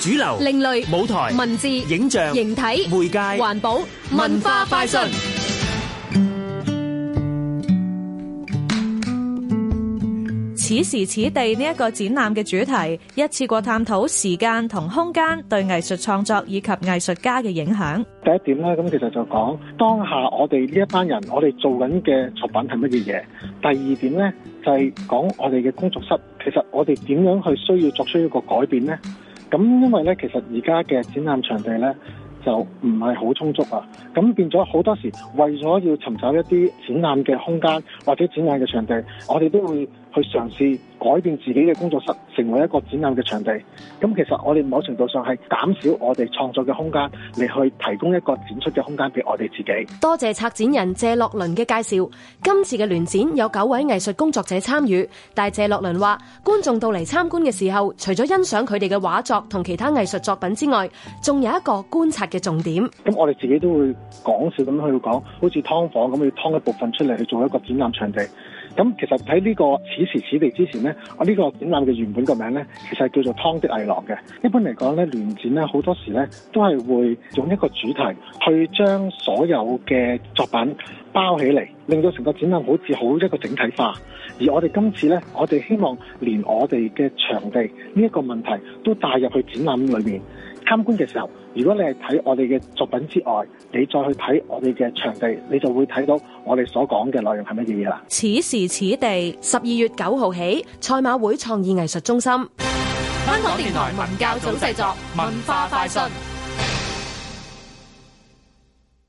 主流、另類舞台、文字、影像、形體、媒介、環保、文化快訊。此時此地呢一個展覽嘅主題，一次過探討時間同空間對藝術創作以及藝術家嘅影響。第一點咧，咁其實就講當下我哋呢一班人，我哋做緊嘅作品係乜嘢嘢。第二點咧，就係、是、講我哋嘅工作室，其實我哋點樣去需要作出一個改變咧？咁因為咧，其實而家嘅展覽場地咧就唔係好充足啊，咁變咗好多時，為咗要尋找一啲展覽嘅空間或者展覽嘅場地，我哋都會，去嘗試改變自己嘅工作室，成為一個展覽嘅場地。咁其實我哋某程度上係減少我哋創作嘅空間，嚟去提供一個展出嘅空間俾我哋自己。多謝策展人謝樂倫嘅介紹。今次嘅聯展有九位藝術工作者參與，但謝樂倫話：觀眾到嚟參觀嘅時候，除咗欣賞佢哋嘅畫作同其他藝術作品之外，仲有一個觀察嘅重點。咁我哋自己都會講笑咁去講，好似劏房咁，去劏一部分出嚟去做一個展覽場地。咁其實喺呢個此時此地之前呢，我呢個展覽嘅原本個名呢，其實係叫做《湯的藝廊》嘅。一般嚟講呢，聯展呢好多時呢，都係會用一個主題去將所有嘅作品包起嚟，令到成個展覽好似好一個整體化。而我哋今次呢，我哋希望連我哋嘅場地呢一個問題都帶入去展覽裏面。參觀嘅時候，如果你係睇我哋嘅作品之外，你再去睇我哋嘅場地，你就會睇到我哋所講嘅內容係乜嘢嘢啦。此時此地，十二月九號起，賽馬會創意藝術中心。香港電台文教組製作，文化快訊。